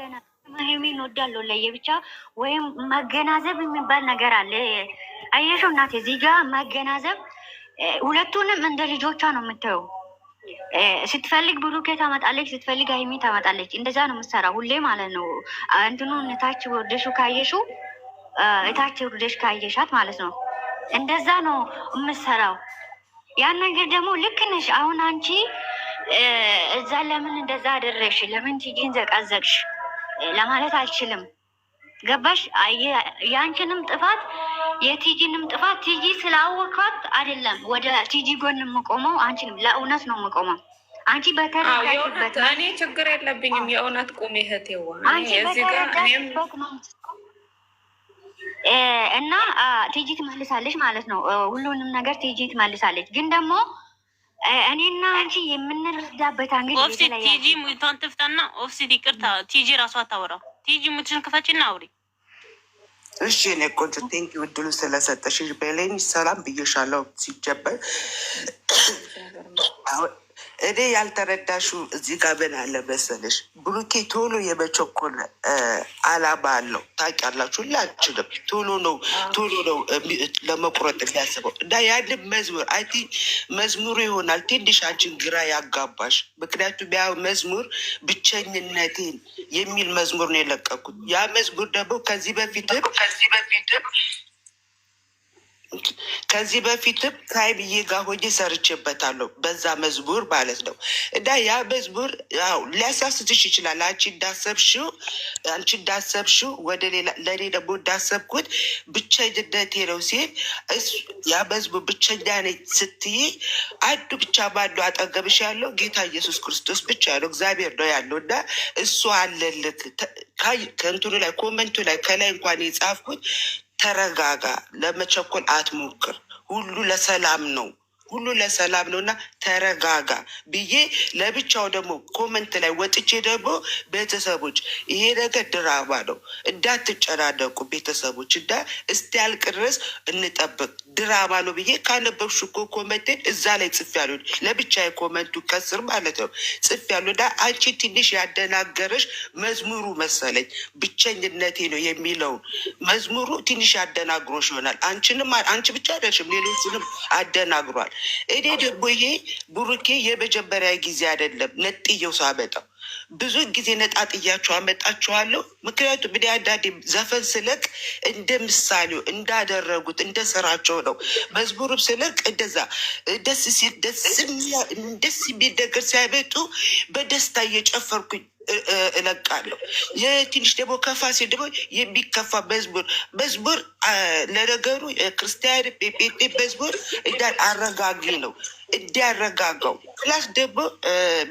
ገና ሄሜን እወዳለሁ ለየብቻ ወይም መገናዘብ የሚባል ነገር አለ። አየሽው እናቴ፣ እዚህ ጋ መገናዘብ ሁለቱንም እንደ ልጆቿ ነው የምታየው። ስትፈልግ ብሩኬ ታመጣለች፣ ስትፈልግ ሀይሚ ታመጣለች። እንደዛ ነው የምትሰራ ሁሌ ማለት ነው። እንትኑ እታች ወርደሹ ካየሹ እታች ውርደሽ ካየሻት ማለት ነው። እንደዛ ነው የምትሰራው። ያን ነገር ደግሞ ልክ ነሽ። አሁን አንቺ እዛ ለምን እንደዛ አደረግሽ? ለምን ቲጂን ዘቃዘቅሽ? ለማለት አልችልም። ገባሽ? የአንቺንም ጥፋት የቲጂንም ጥፋት ቲጂ ስላወቅኳት አይደለም ወደ ቲጂ ጎን የምቆመው አንቺንም ለእውነት ነው የምቆመው። አንቺ በተረዳሽበት እኔ ችግር የለብኝም። የእውነት ቁሚ እህቴዋ። እና ቲጂ ትመልሳለች ማለት ነው። ሁሉንም ነገር ቲጂ ትመልሳለች ግን ደግሞ እኔና አንቺ የምንረዳበት አንግዲህ ኦፍሲ ቲጂ ሙቷን ትፍታና ኦፍሲ ይቅርታ፣ ቲጂ ራሷ አታወራው። ቲጂ ሙትሽን ክፈችና አውሪ። እሺ እኔ ቆንጆ ቴንኪ ውድሉን ስለሰጠሽ በሌኒ ሰላም ብዬሻለሁ። ሲጀበር እኔ ያልተረዳሹ እዚህ ጋር ምን አለ መሰለሽ፣ ብሩኬ ቶሎ የመቸኮል አላማ አለው። ታውቂያላችሁ፣ ሁላችንም ቶሎ ነው ቶሎ ነው ለመቁረጥ የሚያስበው እና ያንም መዝሙር አይቲ መዝሙሩ ይሆናል ትንሽ አንቺን ግራ ያጋባሽ። ምክንያቱም ያ መዝሙር ብቸኝነቴን የሚል መዝሙር ነው የለቀኩት። ያ መዝሙር ደግሞ ከዚህ በፊትም ከዚህ በፊትም ከዚህ በፊትም ከሀይሚዬ ጋር ሆኜ ሰርቼበታለሁ፣ በዛ መዝሙር ማለት ነው። እና ያ መዝሙር ሊያሳስትሽ ይችላል። አንቺ እንዳሰብሽው አንቺ እንዳሰብሽው ወደ ሌላ ለእኔ ደግሞ እንዳሰብኩት ብቸኝነቴ ነው ሲል ያ መዝሙር ብቸኛ ነኝ ስትይ አንዱ ብቻ ማነው አጠገብሽ ያለው? ጌታ ኢየሱስ ክርስቶስ ብቻ ያለው እግዚአብሔር ነው ያለው እና እሱ አለልክ ከእንትኑ ላይ ኮመንቱ ላይ ከላይ እንኳን የጻፍኩት ተረጋጋ፣ ለመቸኮል አትሞክር። ሁሉ ለሰላም ነው። ሁሉ ለሰላም ነው እና ተረጋጋ ብዬ ለብቻው ደግሞ ኮመንት ላይ ወጥቼ ደግሞ ቤተሰቦች ይሄ ነገር ድራማ ነው እንዳትጨናነቁ፣ ቤተሰቦች እንዳ እስኪያልቅ ድረስ እንጠብቅ፣ ድራማ ነው ብዬ ካነበብሽ እኮ ኮመንቴን እዛ ላይ ያሉ ለብቻ የኮመንቱ ከስር ማለት ነው ያሉ እና አንቺ ትንሽ ያደናገረሽ መዝሙሩ መሰለኝ ብቸኝነቴ ነው የሚለውን መዝሙሩ ትንሽ ያደናግሮሽ ይሆናል። አንቺንም አንቺ ብቻ አይደለሽም፣ ሌሎችንም አደናግሯል። እኔ ደግሞ ይሄ ቡሩኬ የመጀመሪያ ጊዜ አይደለም ነጥየው ሳመጣው ብዙ ጊዜ ነጣጥያቸው አመጣችኋለሁ። ምክንያቱም እኔ አንዳንዴ ዘፈን ስለቅ እንደ ምሳሌው እንዳደረጉት እንደ ስራቸው ነው። መዝሙሩም ስለቅ እንደዛ ደስ ሲል ደስ የሚል ነገር ሲያመጡ በደስታ እየጨፈርኩኝ እለቃለሁ። የትንሽ ደግሞ ከፋ ሲል ደግሞ የሚከፋ መዝሙር መዝሙር ለነገሩ ክርስቲያን ጴጴ መዝሙር እንዳን አረጋጊ ነው እንዲያረጋጋው ፕላስ ደግሞ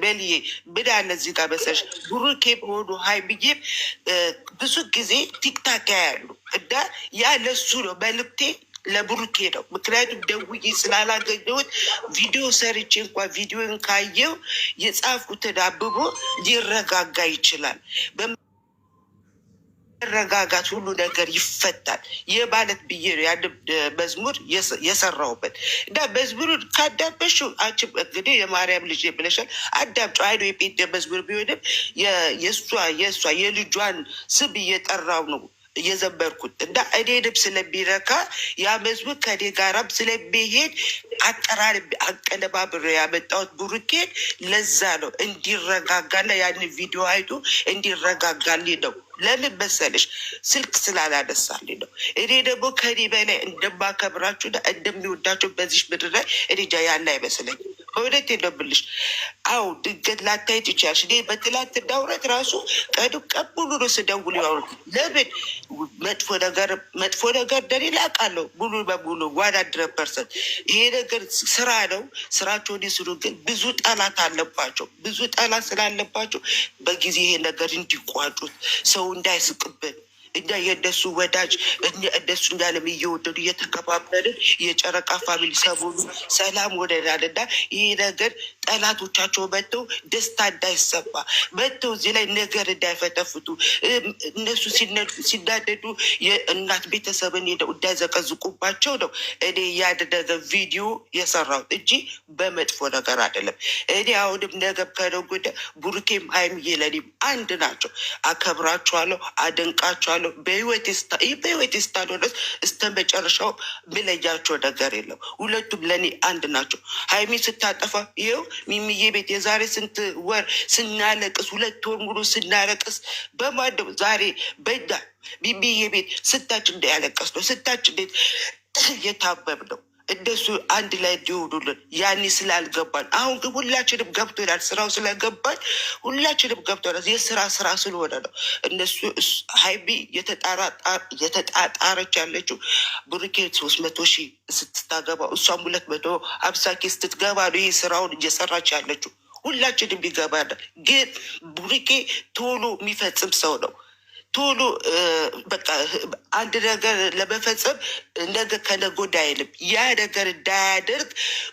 መልዬ ምን አለ እዚህ ጋር መሰለሽ ብሩኬ በሆኑ ሀይሚዬም ብዙ ጊዜ ቲክታክ ያያሉ እና ያ ለሱ ነው መልክቴ ለብሩኬ ነው። ምክንያቱም ደውዬ ስላላገኘሁት ቪዲዮ ሰርቼ እንኳ ቪዲዮን ካየው የጻፍኩትን አብቦ ሊረጋጋ ይችላል። በመረጋጋት ሁሉ ነገር ይፈታል። ይህ ማለት ብዬ ነው ያን መዝሙር የሰራሁበት እና መዝሙሩን ካዳበሽው አንቺም እንግዲህ የማርያም ልጅ ብለሻል። አዳምጪው። አይ ነው የጴንጤ መዝሙር ቢሆንም የእሷ የእሷ የልጇን ስም እየጠራው ነው እየዘመርኩት እና እኔንም ስለሚረካ ያ መዝሙር ከኔ ጋራም ስለሚሄድ አጠራር አቀነባብሮ ያመጣሁት ቡሩኬን ለዛ ነው እንዲረጋጋና ያንን ቪዲዮ አይቶ እንዲረጋጋልኝ ነው። ለምን መሰለሽ? ስልክ ስላላነሳልኝ ነው። እኔ ደግሞ ከኔ በላይ እንደማከብራችሁ እንደሚወዳቸው በዚህ ምድር ላይ እኔ ያለ አይመስለኝ። በእውነት የለምልሽ። አዎ ድንገት ላታይ ትችያለሽ። እኔ በትላት ውረት ራሱ ቀዱ ቀሙሉ ሙሉ ነው ስደውል ያሩ ለምን መጥፎ ነገር መጥፎ ነገር እንደሌላ ላቃለው ሙሉ በሙሉ ዋን ሀንድረድ ፐርሰንት። ይሄ ነገር ስራ ነው። ስራቸውን ይስሩ። ግን ብዙ ጠላት አለባቸው። ብዙ ጠላት ስላለባቸው በጊዜ ይሄ ነገር እንዲቋጩት ሰው ሰው እንዳይስቅብን እኛ የእነሱ ወዳጅ እኛ እነሱ እኛንም እየወደዱ እየተከባበልን የጨረቃ ፋሚሊ ሰሞኑ ሰላም ወደናል እና ይህ ነገር ጠላቶቻቸው መጥተው ደስታ እንዳይሰባ መጥተው እዚህ ላይ ነገር እንዳይፈተፍቱ እነሱ ሲናደዱ የእናት ቤተሰብን ሄደው እንዳይዘቀዝቁባቸው ነው እኔ ያደረገ ቪዲዮ የሰራሁት እንጂ በመጥፎ ነገር አይደለም። እኔ አሁንም ነገም ከነጎደ ወዲያ ቡሩኬም ሀይሚዬ ለእኔም አንድ ናቸው። አከብራቸዋለሁ፣ አደንቃቸዋለሁ። በህይወት እስካለሁ ድረስ እስከ መጨረሻው ምለያቸው ነገር የለም። ሁለቱም ለእኔ አንድ ናቸው። ሀይሚ ስታጠፋ ይኸው ሚሚዬ ቤት የዛሬ ስንት ወር ስናለቅስ፣ ሁለት ወር ሙሉ ስናለቅስ በማደው ዛሬ በዳ ሚሚዬ ቤት ስታች እንደ ያለቀስ ነው ስታች እንዴት የታበብ ነው እንደሱ አንድ ላይ እንዲሆኑልን ያኔ ስላልገባን፣ አሁን ግን ሁላችንም ገብቶናል። ስራው ስለገባኝ ሁላችንም ገብቶናል። የስራ ስራ ስለሆነ ነው። እነሱ ሀይቢ የተጣጣረች ያለችው ብሩኬ ሶስት መቶ ሺህ ስትታገባ እሷም ሁለት መቶ ሀምሳ ኬ ስትገባ ነው ይህ ስራውን እየሰራች ያለችው። ሁላችንም ይገባናል። ግን ብሩኬ ቶሎ የሚፈጽም ሰው ነው። ቶሎ በቃ አንድ ነገር ለመፈጸም ነገ ከነገ ወዲያ አይልም። ያ ነገር እንዳያደርግ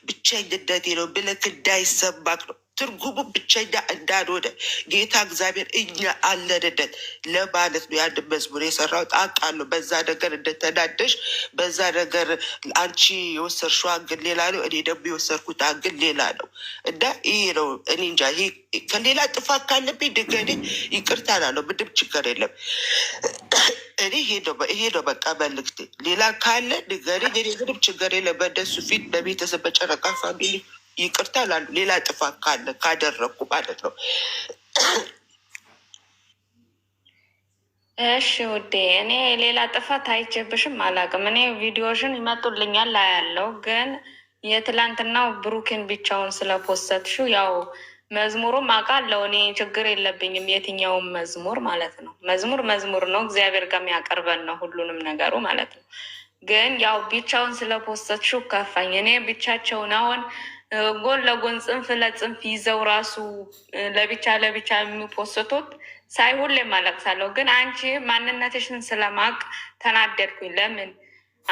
ብቸኝነቴ ነው ብልክ እንዳይሰማክ ነው ትርጉሙ ብቻ እንዳልሆነ ጌታ እግዚአብሔር እኛ አለንነት ለማለት ነው። ያንድ መዝሙር የሰራው አውቃለሁ። በዛ ነገር እንደተናደሽ፣ በዛ ነገር አንቺ የወሰድሽው አንግል ሌላ ነው፣ እኔ ደግሞ የወሰድኩት አንግል ሌላ ነው እና ይህ ነው እኔ እንጃ። ይሄ ከሌላ ጥፋት ካለብኝ ድገኔ ይቅርታ ላለው ምንም ችግር የለም። እኔ ይሄ ነው በቃ መልክቴ። ሌላ ካለ ድንገኔ ምንም ችግር የለም። በእነሱ ፊት በቤተሰብ በጨረቃ ፋሚሊ ይቅርታ ላሉ ሌላ ጥፋት ካለ ካደረግኩ ማለት ነው። እሺ ውዴ፣ እኔ ሌላ ጥፋት አይቼብሽም አላውቅም። እኔ ቪዲዮሽን ይመጡልኛል አያለው፣ ግን የትላንትናው ብሩኬን ብቻውን ስለፖሰትሽው ያው መዝሙሩም አውቃለሁ እኔ ችግር የለብኝም። የትኛውም መዝሙር ማለት ነው መዝሙር መዝሙር ነው፣ እግዚአብሔር ጋር የሚያቀርበን ነው ሁሉንም ነገሩ ማለት ነው። ግን ያው ብቻውን ስለፖሰትሽው ከፋኝ። እኔ ብቻቸውን አሁን ጎን ለጎን ጽንፍ ለጽንፍ ይዘው ራሱ ለብቻ ለብቻ የሚፖስቱት ሳይ ሁሌ ማለቅሳለሁ። ግን አንቺ ማንነትሽን ስለማቅ ተናደድኩኝ። ለምን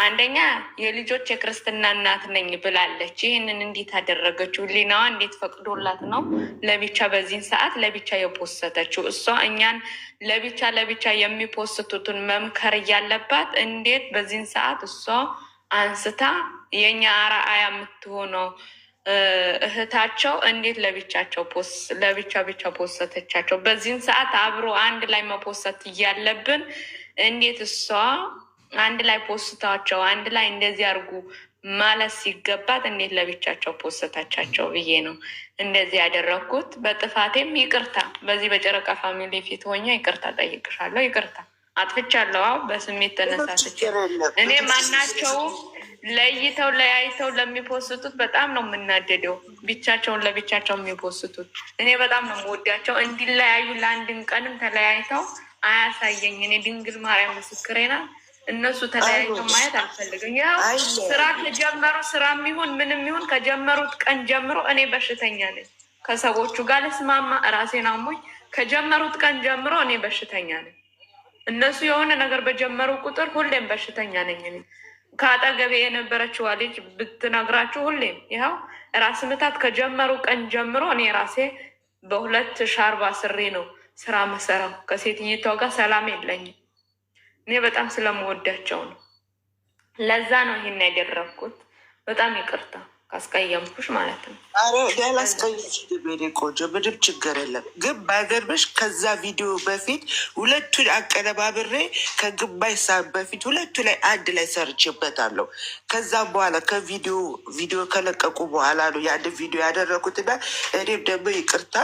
አንደኛ የልጆች የክርስትና እናት ነኝ ብላለች። ይህንን እንዴት አደረገችው? ሊናዋ እንዴት ፈቅዶላት ነው ለብቻ በዚህን ሰዓት ለብቻ የፖሰተችው? እሷ እኛን ለብቻ ለብቻ የሚፖስቱትን መምከር እያለባት እንዴት በዚህን ሰዓት እሷ አንስታ የእኛ አርአያ የምትሆነው እህታቸው እንዴት ለብቻቸው ለብቻ ብቻ ፖሰተቻቸው? በዚህን ሰዓት አብሮ አንድ ላይ መፖሰት እያለብን እንዴት እሷ አንድ ላይ ፖስታቸው አንድ ላይ እንደዚህ አድርጉ ማለት ሲገባት እንዴት ለብቻቸው ፖሰታቻቸው ብዬ ነው እንደዚህ ያደረግኩት። በጥፋቴም ይቅርታ በዚህ በጨረቃ ፋሚሊ ፊት ሆኜ ይቅርታ ጠይቅሻለሁ። ይቅርታ አጥፍቻለሁ። በስሜት ተነሳስቼ እኔ ማናቸውም ለይተው ለያይተው ለሚፖስቱት በጣም ነው የምናደደው። ብቻቸውን ለብቻቸው የሚፖስቱት እኔ በጣም ነው የምወዳቸው። እንዲለያዩ ለአንድን ቀንም ተለያይተው አያሳየኝ። እኔ ድንግል ማርያም ምስክሬ ናት። እነሱ ተለያይተው ማየት አልፈልግም። ያው ስራ ከጀመሩ ስራ የሚሆን ምንም ይሁን ከጀመሩት ቀን ጀምሮ እኔ በሽተኛ ነኝ። ከሰዎቹ ጋር ልስማማ ራሴን አሞኝ ከጀመሩት ቀን ጀምሮ እኔ በሽተኛ ነኝ። እነሱ የሆነ ነገር በጀመሩ ቁጥር ሁሌም በሽተኛ ነኝ። ከአጠገቤ የነበረችዋ ልጅ ብትነግራችሁ ሁሌም ይኸው ራስ ምታት ከጀመሩ ቀን ጀምሮ እኔ ራሴ በሁለት ሻርባ ስሬ ነው ስራ መሰራው። ከሴትዮቷ ጋር ሰላም የለኝም። እኔ በጣም ስለምወዳቸው ነው። ለዛ ነው ይሄን ያደረግኩት። በጣም ይቅርታ። ካስቀየምኩሽ ማለት ነው። ቆንጆ ምንም ችግር የለም። ግን ከዛ ቪዲዮ በፊት ሁለቱን አቀነባብሬ ከግማሽ ሰዓት በፊት ሁለቱ ላይ አንድ ላይ ከዛ በኋላ ከቪዲዮ ቪዲዮ ከለቀቁ በኋላ ነው ያን ቪዲዮ ያደረኩትና እኔም ደግሞ ይቅርታ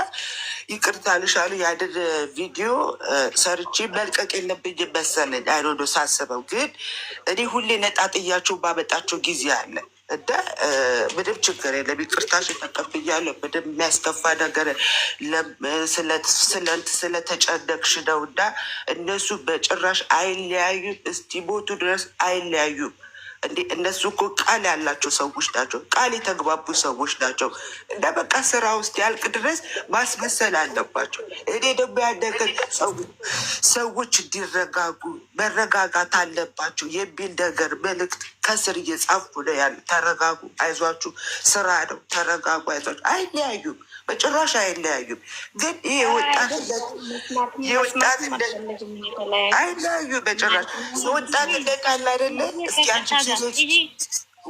ይቅርታ ልሻሉ ያንን ቪዲዮ መልቀቅ መሰለኝ። ሳስበው ግን እኔ ሁሌ ነጣጥያቸው ባመጣቸው ጊዜ እንደ ምንም ችግር የለም። ይቅርታሽን ተቀብያለሁ። ምንም የሚያስከፋ ነገር ስለተጨነቅሽ ነው እና እነሱ በጭራሽ አይለያዩም፣ እስኪሞቱ ድረስ አይለያዩም። እንዴ እነሱ እኮ ቃል ያላቸው ሰዎች ናቸው። ቃል የተግባቡ ሰዎች ናቸው። እና በቃ ስራ ውስጥ ያልቅ ድረስ ማስመሰል አለባቸው። እኔ ደግሞ ያደገን ሰዎች እንዲረጋጉ መረጋጋት አለባቸው የሚል ነገር መልእክት ከስር እየጻፍኩ ነው ያሉ። ተረጋጉ፣ አይዟችሁ፣ ስራ ነው። ተረጋጉ፣ አይዟችሁ። አይለያዩም፣ በጭራሽ አይለያዩም። ግን ይህ ወጣትነት አይለያዩ በጭራሽ ወጣትነት ቃል አይደለ እስኪ ሴቶች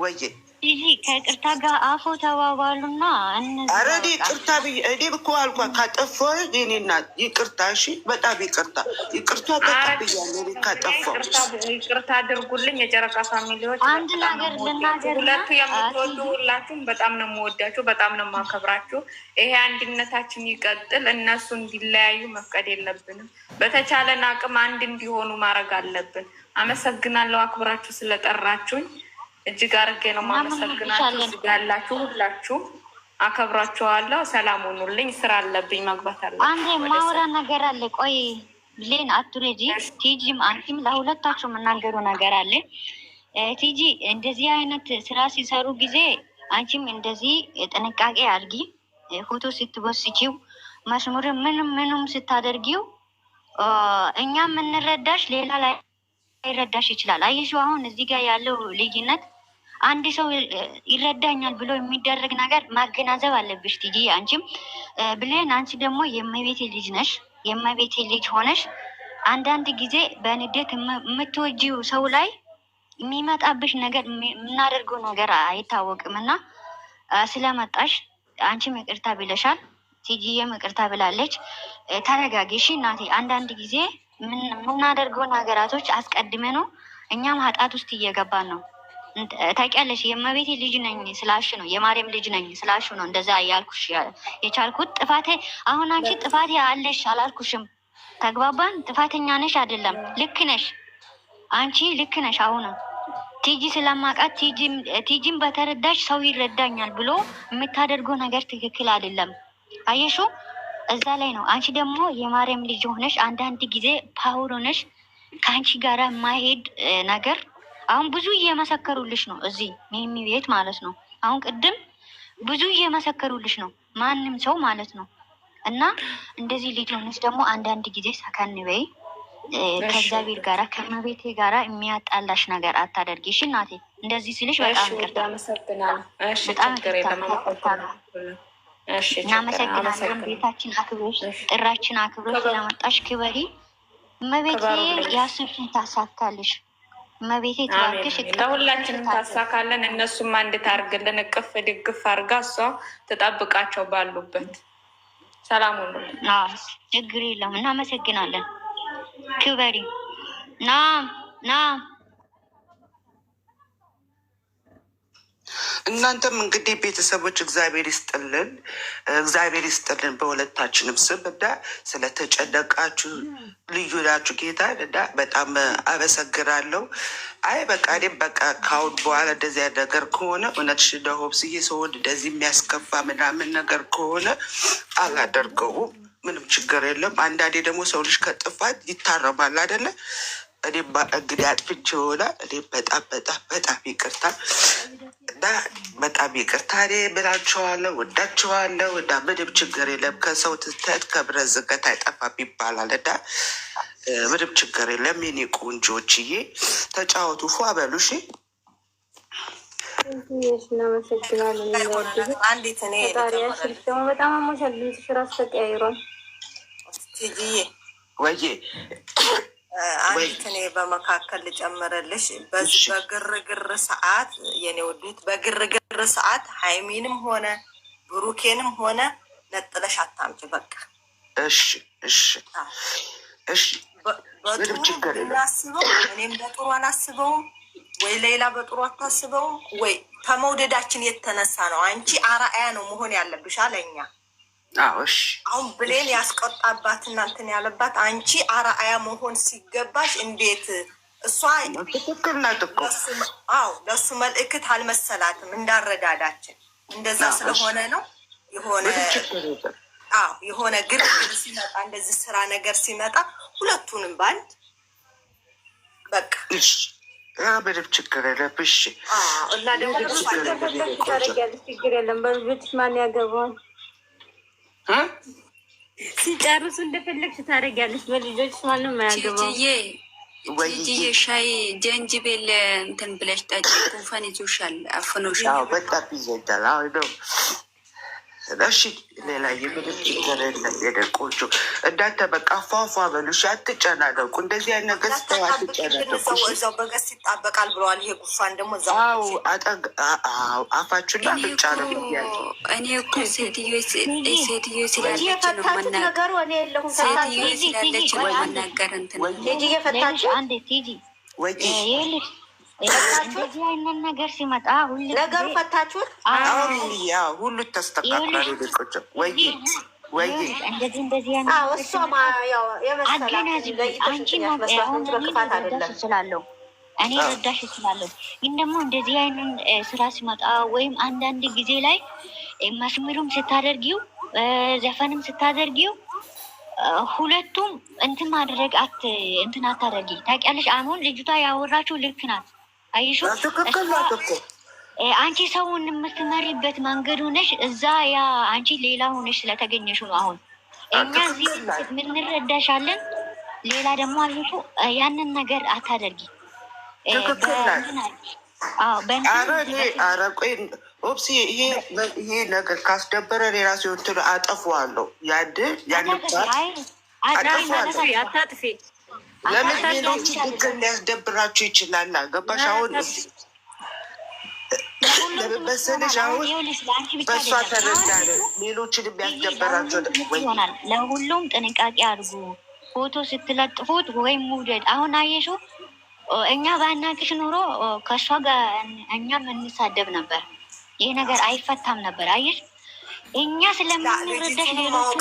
ወየ ይሄ ከቅርታ ጋር አፎ ተባባሉና ኧረ እኔ ቅርታ ብዬሽ እኔም እኮ አልኳት ካጠፋሁ የእኔ ይቅርታ፣ እሺ በጣም ይቅርታ፣ ይቅርታ በጣም ብያለሁ። እኔ ካጠፋሁ ይቅርታ አድርጉልኝ። የጨረቃ ፋሚሊዎች አንድ ነገር ልናገር፣ ሁለቱ የምትወዱ ሁላችሁም በጣም ነው የምወዳችሁ፣ በጣም ነው የማከብራችሁ። ይሄ አንድነታችን ይቀጥል። እነሱ እንዲለያዩ መፍቀድ የለብንም። በተቻለን አቅም አንድ እንዲሆኑ ማድረግ አለብን። አመሰግናለሁ አክብራችሁ ስለጠራችሁኝ። እጅግ አድርጌ ነው የማመሰግናችሁ። እዚህ ያላችሁ ሁላችሁም አከብራችኋለሁ። ሰላም ሁኑልኝ። ስራ አለብኝ መግባት አለ። አንድ ማውራ ነገር አለ። ቆይ ብሌን አቱሬጂ ቲጂም አንቺም ለሁለታችሁ የምናገሩ ነገር አለ። ቲጂ እንደዚህ አይነት ስራ ሲሰሩ ጊዜ አንቺም እንደዚህ ጥንቃቄ አድርጊ። ፎቶ ስትወስቺው መስሙር ምንም ምንም ስታደርጊው እኛ የምንረዳሽ ሌላ ላይ ይረዳሽ ይችላል። አየሽው አሁን እዚህ ጋር ያለው ልዩነት አንድ ሰው ይረዳኛል ብሎ የሚደረግ ነገር ማገናዘብ አለብሽ ቲጂ። አንቺም ብሌን፣ አንቺ ደግሞ የመቤቴ ልጅ ነሽ። የመቤቴ ልጅ ሆነሽ አንዳንድ ጊዜ በንዴት የምትወጂው ሰው ላይ የሚመጣብሽ ነገር የምናደርገው ነገር አይታወቅም እና ስለመጣሽ አንቺም ይቅርታ ብለሻል። ቲጂዬም ይቅርታ ብላለች። ተረጋጊ እሺ እናቴ። አንዳንድ ጊዜ የምናደርገው ነገራቶች አስቀድመ ነው እኛም ኃጢአት ውስጥ እየገባን ነው ታውቂያለሽ የእመቤቴ ልጅ ነኝ ስላልሽ ነው የማርያም ልጅ ነኝ ስላልሽ ነው እንደዛ እያልኩሽ የቻልኩት ጥፋቴ። አሁን አንቺ ጥፋቴ አለሽ አላልኩሽም። ተግባባን? ጥፋተኛ ነሽ አይደለም፣ ልክ ነሽ አንቺ ልክ ነሽ። አሁን ቲጂ ስለማውቃት ቲጂን በተረዳሽ ሰው ይረዳኛል ብሎ የምታደርገው ነገር ትክክል አይደለም። አየሹ እዛ ላይ ነው። አንቺ ደግሞ የማርያም ልጅ ሆነሽ አንዳንድ ጊዜ ፓወር ሆነሽ ከአንቺ ጋራ ማሄድ ነገር አሁን ብዙ እየመሰከሩልሽ ነው፣ እዚህ ሚሚ ቤት ማለት ነው። አሁን ቅድም ብዙ እየመሰከሩልሽ ነው፣ ማንም ሰው ማለት ነው። እና እንደዚህ ልጅ ደግሞ አንዳንድ ጊዜ ሰከን በይ። ከእግዚአብሔር ጋራ ከመቤቴ ጋራ የሚያጣላሽ ነገር አታደርጊ። እሺ እናቴ፣ እንደዚህ ስልሽ በጣም እናመሰግናለን። ቤታችን አክብሮች፣ ጥራችን አክብሮች ስለመጣሽ ክበሪ። መቤቴ ያስብሽን ታሳካለሽ። እመቤቴ ትባርክሽ፣ ለሁላችንም ታሳካለን። እነሱም አንድ ታርግልን፣ እቅፍ ድግፍ አርጋ እሷ ትጠብቃቸው ባሉበት ሰላም ሁሉ። ችግር የለም። እናመሰግናለን። ክበሪ ና ና እናንተም እንግዲህ ቤተሰቦች እግዚአብሔር ይስጥልን፣ እግዚአብሔር ይስጥልን። በሁለታችንም ስም እና ስለተጨነቃችሁ ልዩ ናችሁ። ጌታ እና በጣም አመሰግናለሁ። አይ በቃ እኔም በቃ ካሁን በኋላ እንደዚያ ነገር ከሆነ እውነትሽ ስዬ ሰውን እንደዚህ የሚያስከፋ ምናምን ነገር ከሆነ አላደርገውም። ምንም ችግር የለም። አንዳንዴ ደግሞ ሰው ልጅ ከጥፋት ይታረማል አይደለ? እኔማ እንግዲህ አጥፍቼ ይሆናል። እኔ በጣም በጣም በጣም ይቅርታ እና በጣም ይቅርታ። እኔ ምላችኋለሁ፣ ወዳችኋለሁ እና ምንም ችግር የለም። ከሰው ትተት ከብረት ዝገት አይጠፋም ይባላል እና ምንም ችግር የለም። የኔ ዬ ተጫወቱ፣ ፏ በሉ። እሺ በጣም አሞሻል። ድምፅሽ እራሱ ተቀያይሯል። ወይዬ አንድ ከኔ በመካከል ልጨምርልሽ። በግርግር ሰዓት የኔ ወዱት በግርግር ሰዓት ሀይሚንም ሆነ ብሩኬንም ሆነ ነጥለሽ አታምጭ። በቃ እሺ፣ እሺ፣ እሺ። በጥሩ እናስበው። እኔም በጥሩ አላስበውም ወይ ሌላ በጥሩ አታስበውም ወይ። ከመውደዳችን የተነሳ ነው። አንቺ አርአያ ነው መሆን ያለብሽ አለኛ አሁን ብሌል ያስቆጣባት እናንትን ያለባት አንቺ አርአያ መሆን ሲገባሽ እንዴት እሷ ትክክል ናት እኮ አዎ ለእሱ መልእክት አልመሰላትም እንዳረዳዳችን እንደዛ ስለሆነ ነው የሆነ አዎ የሆነ ግርግር ሲመጣ እንደዚህ ስራ ነገር ሲመጣ ሁለቱንም ባንድ በቃ በደብ ችግር የለም እና ደግሞ ችግር የለም በልጅ ማን ያገባል ሲጨርሱ እንደፈለግሽ ታደርጊያለሽ። በልጆች ማንም አያገባም። ጂጂዬ ሻይ ጀንጅቤል እንትን ብለሽ ጠጪ። ጉንፋን ይዞሻል፣ አፍኖሻል። በቃ በጣም ደ እሺ ሌላ የምንም ችግር የለም። የደቆቹ እንዳንተ በቃ ፏፏ በሉሽ፣ አትጨናደቁ። እንደዚህ አይነት ነገር ስተው አትጨናደቁ። በገስ ይጣበቃል ብለዋል። ይሄ ጉፋን ደግሞ እዛው አፋችሁና ብጫ ነው። እኔ እኮ ሴትዮ ሴትዮ ስላለች ነው መናገር እንትን ወይዬ አይነት ነገር ሲመጣ ነገሩ ፈታችሁት? ሁሉ ወይ ወይ እንደዚህ እንደዚህ እኔ ረዳሽ እችላለሁ። ግን ደግሞ እንደዚህ አይነት ስራ ሲመጣ ወይም አንዳንድ ጊዜ ላይ መስሚሩም ስታደርጊው ዘፈንም ስታደርጊው ሁለቱም እንትን ማድረግ እንትን አታደርጊ ታውቂያለሽ። አሁን ልጅቷ ያወራችው ልክ ናት። አይሾ አንቺ ሰውን የምትመሪበት መንገድ ሆነሽ እዛ ያ አንቺ ሌላ ሆነሽ ስለተገኘሽ ነው። አሁን እኛ እዚህ ምንረዳሻለን። ሌላ ደግሞ አይሹ ያንን ነገር አታደርጊ። ኦፕሲ ይሄ ይሄ ነገር ካስደበረ ሌላ ሲሆን አጠፋዋለሁ። ያን ያን አጠፋዋለሁ። አታጥፊ ለምን ሌሎቹ ድግር ሊያስደብራቸው ይችላል። ገባሽ? አሁን መሰለሽ አሁን በእሷ ለሁሉም ጥንቃቄ አድርጉ። ፎቶ ስትለጥፉት ወይም ውደድ። አሁን አየሹ እኛ ባናቅሽ ኑሮ ከእሷ ጋር እኛም እንሳደብ ነበር። ይህ ነገር አይፈታም ነበር። አየሽ እኛ ስለምንረዳሽ ሌሎቹ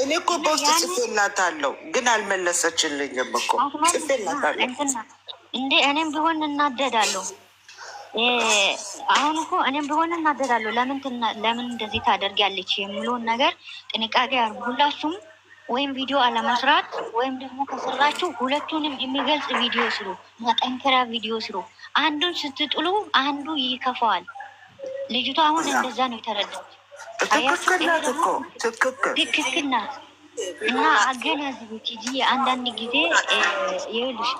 እኔ እኮ በውስጥ ጽፌላታለሁ ግን አልመለሰችልኝም እኮ ጽፌላታለሁ። እንዴ እኔም ቢሆን እናደዳለሁ። አሁን እኮ እኔም ቢሆን እናደዳለሁ። ለምን ለምን እንደዚህ ታደርጊያለች የሚለውን ነገር ጥንቃቄ አድርጉ ሁላችሁም። ወይም ቪዲዮ አለመስራት ወይም ደግሞ ከሰራችሁ ሁለቱንም የሚገልጽ ቪዲዮ ስሩ፣ መጠንከሪያ ቪዲዮ ስሩ። አንዱን ስትጥሉ አንዱ ይከፋዋል። ልጅቷ አሁን እንደዛ ነው የተረዳች ትክክል ናት እኮ ትክክል እና አገናዝቦች እ አንዳንድ ጊዜ ይኸውልሽ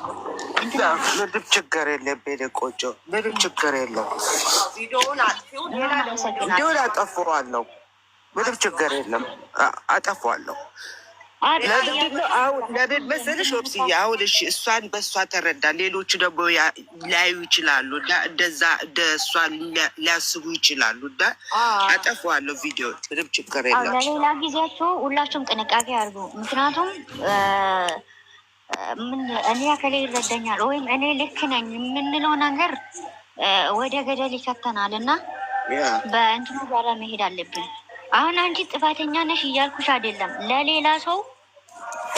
ምንም ችግር የለም። ቤኔ ቆንጆ ምንም ችግር የለም። ቪዲዮን አጠፋዋለሁ። ምንም ችግር የለም። አጠፋዋለሁ ለምን መሰለሽ ወብስዬ፣ አሁን እሺ እሷን በእሷ ተረዳ፣ ደግሞ ሊያዩ ይችላሉ፣ እንደዛ እንደ ሊያስቡ ይችላሉ። እና አጠፋዋለሁ ቪዲዮ ምንም ችግር የለም። ለሌላ ሁላችሁም ጥንቃቄ አድርጉ። ምክንያቱም እኔ ይረዳኛል ወይም እኔ ልክ ነኝ የምንለው ነገር ወደ ገደል ይከተናል እና በእንትኑ ጋራ መሄድ አለብን። አሁን አንቺ ጥፋተኛ ነሽ እያልኩሽ አይደለም ለሌላ ሰው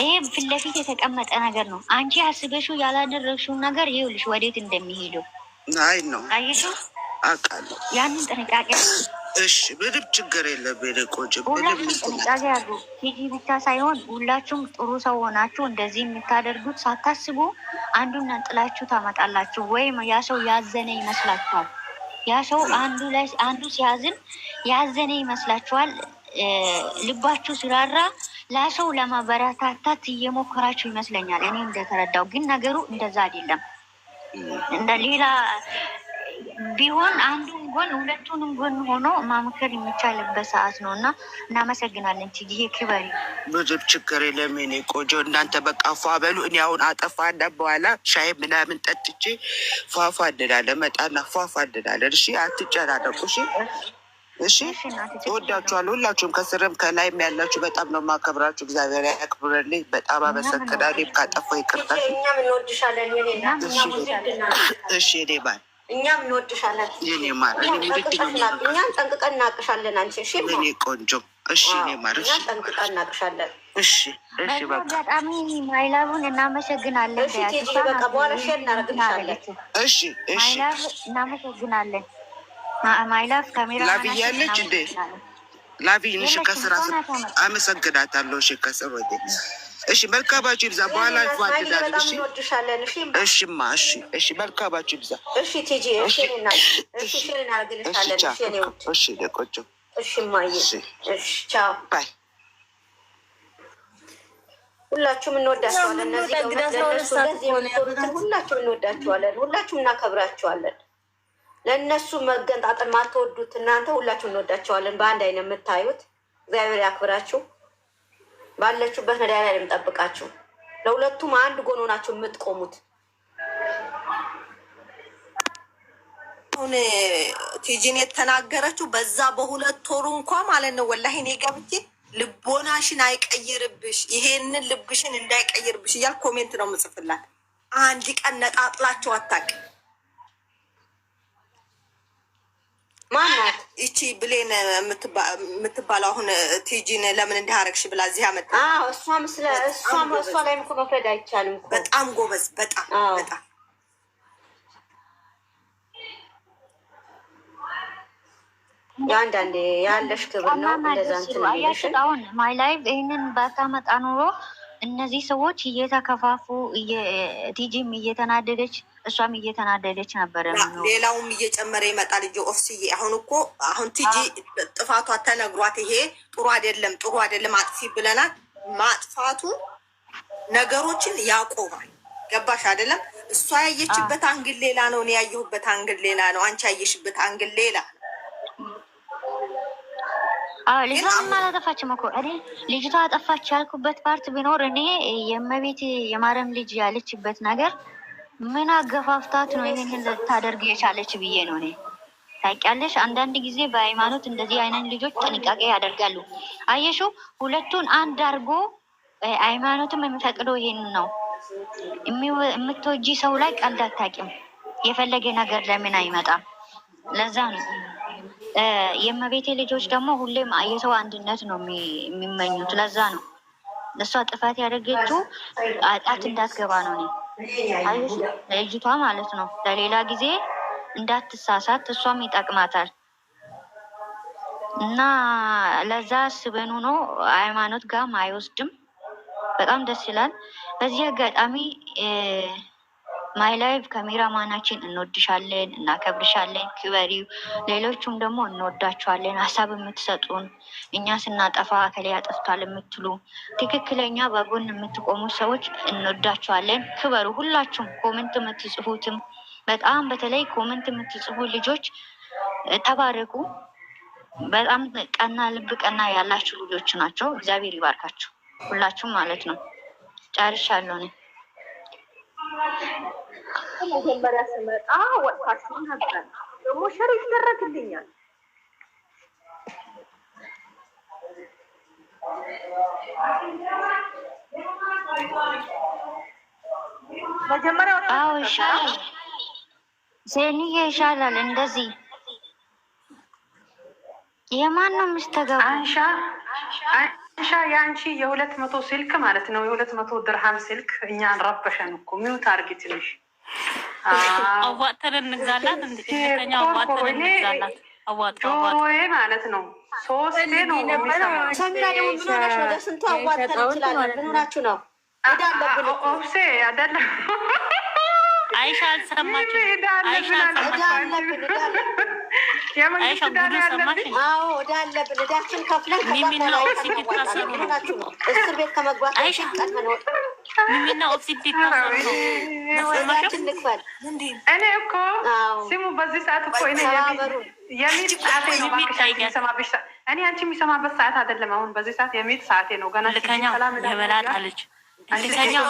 ይሄ ፊት ለፊት የተቀመጠ ነገር ነው። አንቺ አስበሽው ያላደረግሽውን ነገር ይኸውልሽ ወዴት እንደሚሄደው አይ ነው አይሽ አውቃለሁ። ያንን ጥንቃቄ እሺ፣ ምንም ችግር የለም። ቆጭ ሁላችሁም ጥንቃቄ ያሉ ሂጂ ብቻ ሳይሆን ሁላችሁም ጥሩ ሰው ሆናችሁ እንደዚህ የምታደርጉት ሳታስቡ አንዱን ነጥላችሁ ታመጣላችሁ። ወይም ያ ሰው ያዘነ ይመስላችኋል። ያ ሰው አንዱ ላይ አንዱ ሲያዝን ያዘነ ይመስላችኋል። ልባችሁ ሲራራ ለሰው ለማበረታታት እየሞከራችሁ ይመስለኛል። እኔ እንደተረዳው ግን ነገሩ እንደዛ አይደለም። እንደ ሌላ ቢሆን አንዱን ጎን ሁለቱንም ጎን ሆኖ ማምከር የሚቻልበት ሰዓት ነው እና እናመሰግናለን። ይሄ ክበሪ ብዙ ችግር የለም የእኔ እናንተ በቃ ፏ በሉ። እኔ አሁን አጠፋ እና በኋላ ሻይ ምናምን ጠጥቼ ፏፏ እንላለን። መጣና ፏፏ እንላለን። እሺ፣ አትጨናነቁ። እሺ እሺ እወዳችኋለሁ። ሁላችሁም ከስርም ከላይም ያላችሁ በጣም ነው የማከብራችሁ። እግዚአብሔር ያክብረልኝ። በጣም አመሰግናለሁ። ካጠፋሁ ይቅርታ። እሺ እኔ ባል እኛም እንወድሻለን። የኔ ማር እኛም ጠንቅቀን እናቅሻለን። አንቺ እሺ፣ የኔ ቆንጆ እሺ፣ የኔ ማር እኛም ጠንቅቀን እናቅሻለን። እሺ፣ እሺ። በአጋጣሚ ማይላቡን እናመሰግናለን። በቃ በኋላ ሼር እናረግልሻለን። እሺ፣ እሺ፣ እናመሰግናለን። ማይላፍ ካሜራ እንዴ ላቪን እሺ፣ ከስራ አመሰግናታለሁ። እሺ፣ እሺ፣ መልካባችሁ ይብዛ። በኋላ ይፋደዳል። እሺ፣ እሺማ፣ እሺ፣ እሺ፣ መልካባችሁ ይብዛ። እሺ፣ ቲጂ፣ እሺ፣ እሺ፣ እሺ፣ ቆጮ፣ እሺ፣ ማየ፣ እሺ፣ ቻው፣ ባይ። ሁላችሁም እንወዳችኋለን። እነዚህ ሁላችሁም እንወዳችኋለን። ሁላችሁም እናከብራችኋለን። ለእነሱ መገንጣጠል ማትወዱት እናንተ ሁላችሁ እንወዳቸዋለን። በአንድ አይነት የምታዩት እግዚአብሔር ያክብራችሁ። ባለችሁበት ነዳ ላይ የምጠብቃችሁ ለሁለቱም አንድ ጎን ናቸው የምትቆሙት አሁን ቲጂን የተናገረችው በዛ በሁለት ወሩ እንኳ ማለት ነው። ወላሂ እኔ ገብቼ ልቦናሽን አይቀይርብሽ፣ ይሄንን ልብሽን እንዳይቀይርብሽ እያል ኮሜንት ነው ምጽፍላት። አንድ ቀን ነጣጥላቸው አታውቅም። ማናት ይቺ ብሌን የምትባለው? አሁን ቲጂን ለምን እንዳረግሽ ብላ እዚህ አመጣ። እሷም እሷ ላይ እኮ መፍረድ አይቻልም። በጣም ጎበዝ፣ በጣም በጣም የአንዳንዴ ያለሽ ክብር ነው። እንደዛ እንትን አሁን ማይ ላይፍ ይህንን ባታመጣ ኑሮ እነዚህ ሰዎች እየተከፋፉ ቲጂም እየተናደደች እሷም እየተናደደች ነበረ። ሌላውም እየጨመረ ይመጣል። እጅ ኦፍስዬ አሁን እኮ አሁን ቲጂ ጥፋቷ ተነግሯት ይሄ ጥሩ አይደለም ጥሩ አይደለም አጥፊ ብለናል። ማጥፋቱ ነገሮችን ያቆማል። ገባሽ አይደለም? እሷ ያየችበት አንግል ሌላ ነው፣ እኔ ያየሁበት አንግል ሌላ ነው፣ አንቺ ያየሽበት አንግል ሌላ ልጅቷ አላጠፋችም እኮ እኔ ልጅቷ አጠፋች ያልኩበት ፓርት ቢኖር እኔ የእመቤት የማርያም ልጅ ያለችበት ነገር ምን አገፋፍታት ነው ይህንን ልታደርግ የቻለች ብዬ ነው እኔ። ታውቂያለሽ፣ አንዳንድ ጊዜ በሃይማኖት እንደዚህ አይነት ልጆች ጥንቃቄ ያደርጋሉ። አየሹ፣ ሁለቱን አንድ አድርጎ ሃይማኖትም የሚፈቅደው ይህን ነው። የምትወጂ ሰው ላይ ቀልድ አታውቂም። የፈለገ ነገር ለምን አይመጣም? ለዛ ነው የእመቤቴ ልጆች ደግሞ ሁሌም የሰው አንድነት ነው የሚመኙት። ለዛ ነው እሷ ጥፋት ያደረገችው አጣት እንዳትገባ ነው። እኔ ለእጅቷ ማለት ነው ለሌላ ጊዜ እንዳትሳሳት እሷም ይጠቅማታል። እና ለዛ ስበኑ ነው ሃይማኖት ጋም አይወስድም። በጣም ደስ ይላል። በዚህ አጋጣሚ ማይ ላይቭ ካሜራማናችን እንወድሻለን፣ እናከብርሻለን፣ ክበሪው። ሌሎቹም ደግሞ እንወዳቸዋለን ሀሳብ የምትሰጡን እኛ ስናጠፋ እከሌ ያጠፍቷል የምትሉ ትክክለኛ በጎን የምትቆሙ ሰዎች እንወዳቸዋለን ክበሩ። ሁላችሁም ኮመንት የምትጽፉትም በጣም በተለይ ኮመንት የምትጽፉ ልጆች ተባረቁ። በጣም ቀና ልብ ቀና ያላችሁ ልጆች ናቸው። እግዚአብሔር ይባርካችሁ ሁላችሁም ማለት ነው። ጨርሻለሁ እኔ። መጀመሪያ ስመጣ ወጥታችሁ ነበር። ደግሞ ሸር ይደረግልኛል። መጀመሪያ አዎ፣ ይሻላል ዜንዬ፣ ይሻላል እንደዚህ። የማን ነው የምስተጋባ? እሻ የአንቺ የሁለት መቶ ስልክ ማለት ነው የሁለት መቶ ድርሃም ስልክ እኛን ረበሸን እኮ ሚው አድርጊ ትንሽ አዋጥተን እንግዛላት ጆሮዬ ማለት ነው ሶስቴ ነው ሰሚራ ደግሞ ምን ሆነሽ ነው ስንቱ እንችላለን ምን ሆናችሁ ነው አይሻ አልሰማችም አይሻ አልሰማችም ወዳለብን እዳችን እኔ እኮ ስሙ በዚህ ሰዓት እኮ የሚድ ሰዓቴ ነው። እኔ አንቺ የሚሰማበት ሰዓት አይደለም። አሁን በዚህ ሰዓት የሚድ ሰዓቴ ነው። ገና ልከኛው የበላጣለች ልከኛው